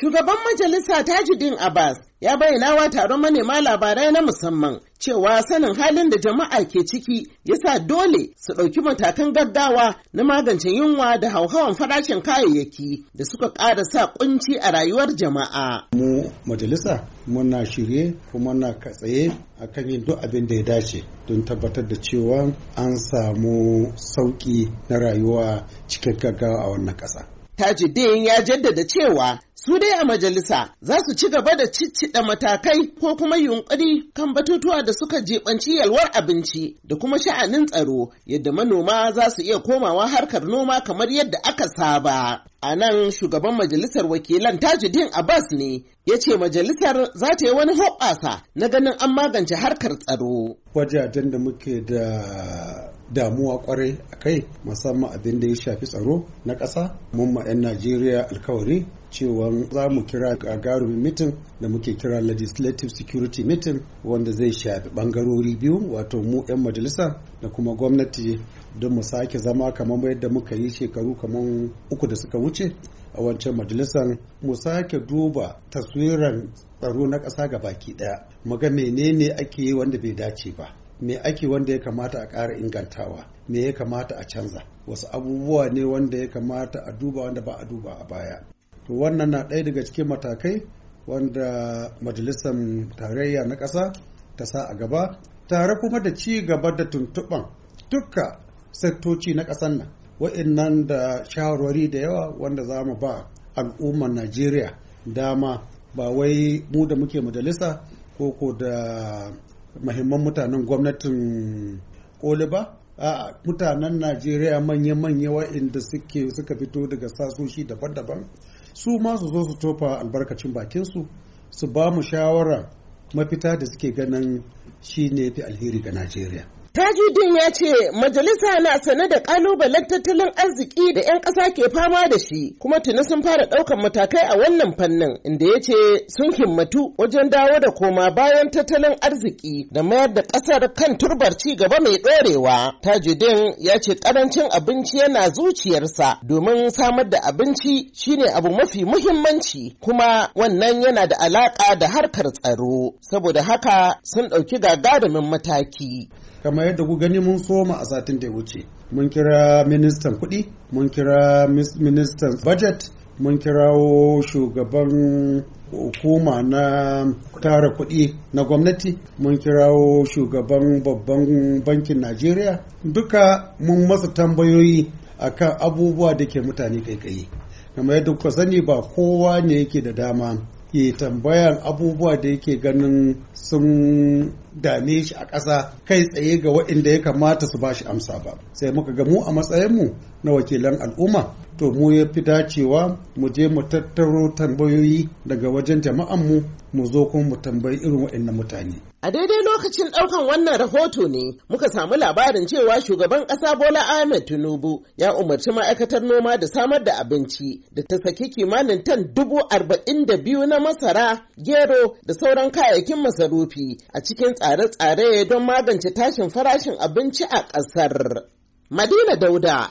Shugaban majalisa Tajidin Abbas ya bayyana wa taron manema labarai na musamman cewa sanin halin da jama'a ke ciki yasa dole su ɗauki matakan gaggawa na magance yunwa da hauhawan farashin kayayyaki da suka ƙara sa kunci a rayuwar jama'a. Mu majalisa muna shirye kuma na katsaye a kan yin duk abin da ya dace don tabbatar da cewa an samu sauƙi na rayuwa cikin gaggawa a wannan ƙasa. Tajuddin ya jaddada cewa Su dai a majalisa za su ci gaba da ciccida matakai ko kuma yunƙuri kan batutuwa da suka jibanci yalwar abinci da kuma sha'anin tsaro yadda manoma za su iya komawa harkar noma kamar yadda aka saba. A nan shugaban majalisar wakilan Tajuddin Abbas ne ya ce majalisar za ta yi wani hoɓɓasa na ganin an magance harkar tsaro. Wajajen da muke da damuwa kwarai a kai musamman abin da ya shafi tsaro na ƙasa mun ma 'yan najeriya alkawari cewa za mu kira gagarumin mitin da muke kira legislative security mitin wanda zai shafi bangarori biyu wato mu 'yan majalisa da kuma gwamnati don mu sake zama kamar yadda muka yi shekaru kamar uku da suka wuce a wancan majalisar mu sake duba taswiran tsaro na ƙasa ga baki ɗaya mu ga ne ake yi wanda bai dace ba me ake wanda ya kamata a ƙara ingantawa me ya kamata a canza wasu abubuwa ne wanda ya kamata a duba wanda ba a duba a baya to wannan na ɗaya daga cikin matakai wanda majalisar tarayya na ƙasa ta sa a gaba tare kuma da ci gaba da tuntuɓan dukka sektoci na ƙasar nan wa'innan da shawarwari da yawa wanda za mu ba al'ummar najeriya dama ba wai mu da muke majalisa ko ko da mahimman mutanen gwamnatin koli ba a mutanen najeriya manya-manya wa'inda suke suka fito daga sasoshi daban-daban su ma su zo su tofa albarkacin bakinsu su ba mu shawara mafita da suke ganin shi ne fi alheri ga najeriya Tajuddin ya ce majalisa na sane da ƙalubalen tattalin arziki da 'yan ƙasa ke fama da shi kuma tuni sun fara ɗaukan matakai a wannan fannin inda ya ce sun himmatu wajen dawo da koma bayan tattalin arziki da mayar da ƙasar kan turbar ci gaba mai ɗorewa. Tajuddin ya ce ƙarancin abinci yana zuciyarsa domin samar da abinci shine abu mafi muhimmanci kuma wannan yana da alaƙa da harkar tsaro saboda haka sun ɗauki gagarumin mataki. kamar yadda ku gani mun soma a satin da ya wuce mun kira ministan kuɗi mun kira ministan budget mun kirawo shugaban hukuma na tara kuɗi na gwamnati mun kirawo shugaban babban bankin najeriya duka mun masa tambayoyi akan abubuwa da ke mutane kai-kai. kai kamar yadda kuka sani ba kowa ne yake da dama ke tambayan abubuwa da yake ganin sun dame shi a ƙasa kai tsaye ga waɗanda ya kamata su ba shi amsa ba sai muka ga mu a matsayinmu na wakilan al'umma to mu ya fi dacewa mu je mu tattaro tambayoyi daga wajen jama'anmu mu zo kuma mu tambayi irin waɗannan mutane. A daidai lokacin ɗaukan wannan rahoto ne muka samu labarin cewa shugaban ƙasa Bola Ahmed Tinubu ya umarci ma'aikatar noma da samar da abinci da ta saki kimanin tan dubu arba'in da biyu na masara, gero da sauran kayayyakin masarufi a cikin tsare-tsare don magance tashin farashin abinci a ƙasar. Madina Dauda